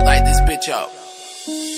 Light this bitch up.